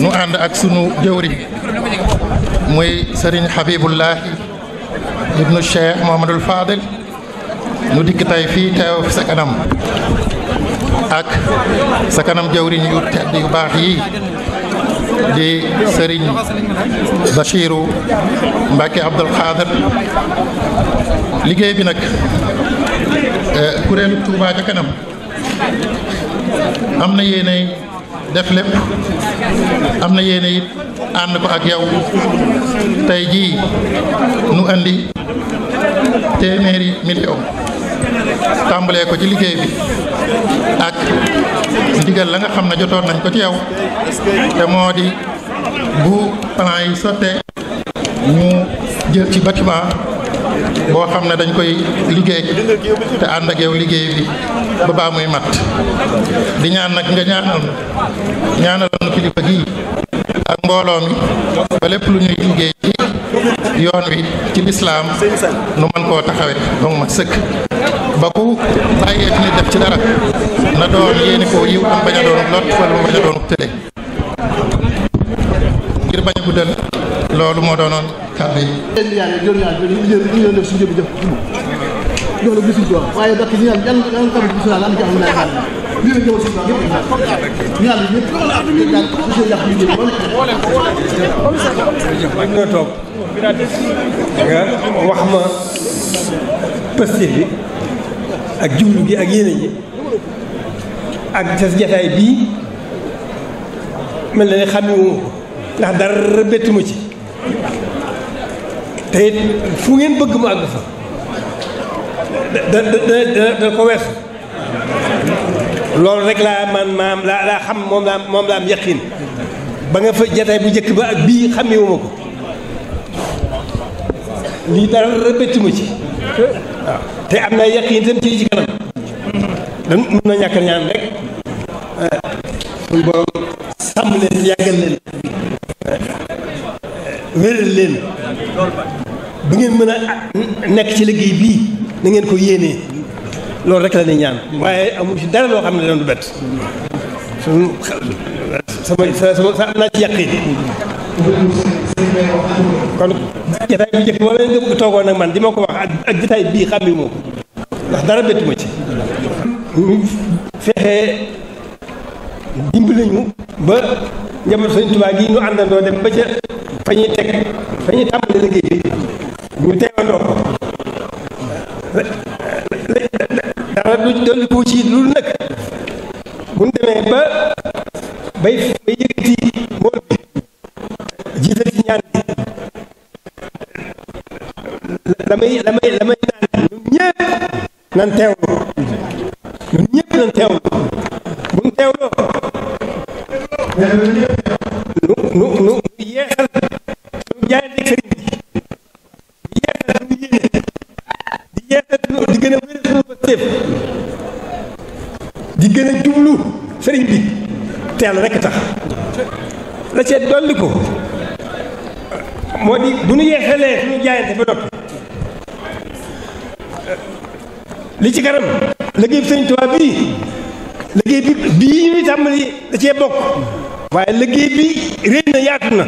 nu ànd ak sunu jëwriñ muy sëriñ Habibullahi ibnu Cheikh Mohamadul Fadil nu dikk tay fii teew fi sa kanam ak sa kanam jëwriñ yu tedd yu baax yi di sëriñ Bachiru Mbacke Abdul Xaadir liggéey bi nag eh, kuréelu Touba ca kanam am na yéenay def lépp am na yéene it ànd ko ak yow tey jii nu indi téeméeri million tàmbalee ko ci liggéey bi ak ndigal la nga xam ne jotoon nañ ko ci yow te moo di bu plan yi sottee ñu jël ci bâtiment boo xam ne dañ koy liggéey te ànd ak yow liggéey bi ba baa muy mat di ñaan nag nga ñaanal ñaanal nu gii ak mbooloo mi ba lépp lu ñuy liggéey ci yoon wi ci lislaam nu mën koo taxawe ba mu sëkk ba ku bàyyeeti ni def ci dara na doon yéene koo yiw am bañ a doon lot wala mu bañ a doon tële ngir bañ a guddal loolu moo doonoon kàddu yi. yéen yaa ngi waaye dakk ñu yàlla yàlla yàlla tamit gis yàq yi ñëpp dañ koy toog nga wax ma pësté bi ak jublu gi ak yéene ji ak sa jataay bii mel na ne xamewuma ko ndax dara bettu ma ci te it fu ngeen bëgg mu àgg fa da da da da ko weesu loolu rek laa man maam laa laa xam moom laa moom laa am yaqin ba nga fa jataay bu njëkk ba ak bii xamee wu ma ko lii dara rëbbati ci te am naa yaqin tam ci ci kanam dan mën na ñàkk ñaan rek suñu borom sàmm leen yàggal leen wéral leen bu ngeen mën a nekk ci liggéey bii na ko yéenee loolu rek la ñuy ñaan waaye amul ci dara loo xam ne doon du bett sama sama sa am naa ci yàqin kon jataay bi njëkk ma leen nga toogoon ak man di ma ko wax ak jataay bii xam ne moom ndax dara bettu ma ci ñu fexee dimbali ba njaboot Sëñ Tuubaa gi ñu àndandoo dem ba ca fa ñuy teg fa ñuy tàmbali liggéey bi ñu teewandoo ko dara du dolli ci lu nag bu ñu demee ba bay bay yëkkati mool bi jiital ci ñaan bi la la may la may naan ñun ñëpp nan teewloo ñun ñëpp nan teewloo bu ñu teewloo di gën a jublu sëriñ bi teel rekk tax la cee dolli ko moo di bu ñu yeexalee suñu jaayante ba noppi li ci kanam liggéey bi sëriñ Tuubaa bii liggéey bi bii ñuy tàmbali da cee bokk waaye liggéey bi réy na yaatu na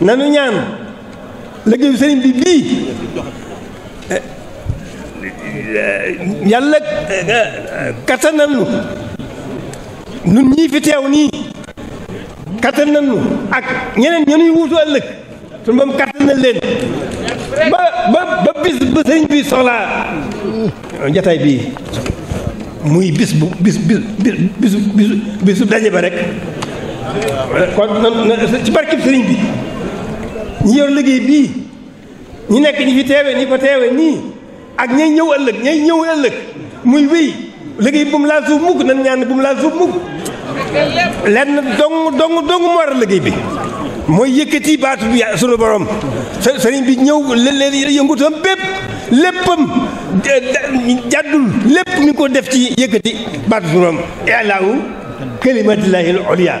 nanu ñaan liggéeyu sëriñ bi bii yàlla kattanal nu nun ñii fi teew nii kattanal nu ak ñeneen ñenuy wuutu ëllëg suñu moom kattanal leen ba ba ba bis ba sëriñ bi soxlaa jataay bii muy bis bu bis bis bisu bisu bisu daje ba rek kon ci barkib sëriñ bi ñi yor liggéey bii ñi nekk ñi fi teewee ñi ko teewee nii ak ñay ñëw ëllëg ñay ñëw ëllëg muy wéy liggéey bu mu laal suuf mukk nan ñaan bu mu laal suuf mukk lenn dong dong dong moo war a liggéey bi mooy yëkkati baatu bi sunu borom sëriñ bi ñëw leen yëngutam bépp léppam jàddul lépp mi ko def ci yëkkati baatu sunu borom ilaahu kalimatillahi al-ulya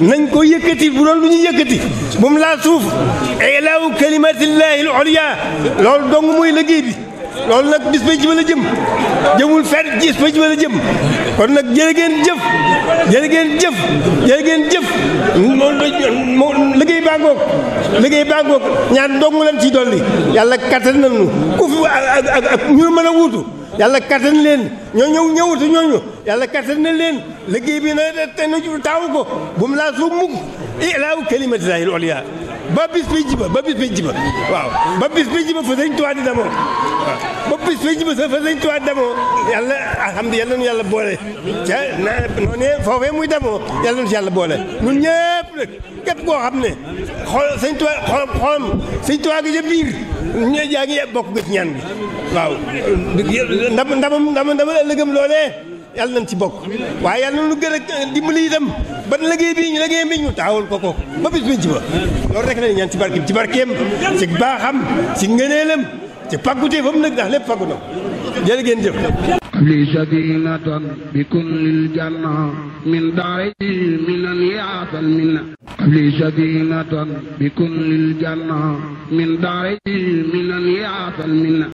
nañ ko yëkkati bu doon lu ñu yëkkati bu mu laa suuf ilaahu kalimatillahi al ulya loolu dong mooy liggéey bi loolu nag bis ba ci la jëm jëmul fer gis ba la jëm kon nag jërë ngeen jëf jërë ngeen jëf jërë ngeen jëf liggéey baa ngoog liggéey baa ngoog ñaan dong lan ci dolli yàlla kattan nañu ku fi ak ak ñu mën wuutu yàlla kattan leen ñoo ñëw ñëwatu ñooñu yàlla kattan na leen la bi na te nu taawu ko bu mu laa suuf mukk ilaaw kalimatillahi al-ulya ba bis bi ba bis bi waaw ba bis bi jiba fa sëñ Tuubaa di demoo ba bis bi jiba sa fa sëñ Tuubaa di demoo yàlla alhamdulilah yàlla nu yàlla boole ca na noonee foofee muy demoo yàlla nu si yàlla boole ñun ñëpp nag képp koo xam ne xool sëñ Tuubaa xolam biir ñooy jaa ngi bokk nga ci ñaan bi waaw ndam ndamam ndam ndama ëllëgam loolee yàlla nañ ci bokk waaye yàlla nañu gën a dimbali itam ban liggéey bi ñu liggéey bi ñu taawul ko ko ba bis biñ ci ba loolu rek la ci barkeem ci barkeem ci baaxam ci ngëneelam ci pàggutee fa mu nag ndax lépp pàggu na jërë ngeen jëf li safinatan bi kullil janna min daari minan yaasal minna li safinatan bi kullil janna min daari minan yaasal minna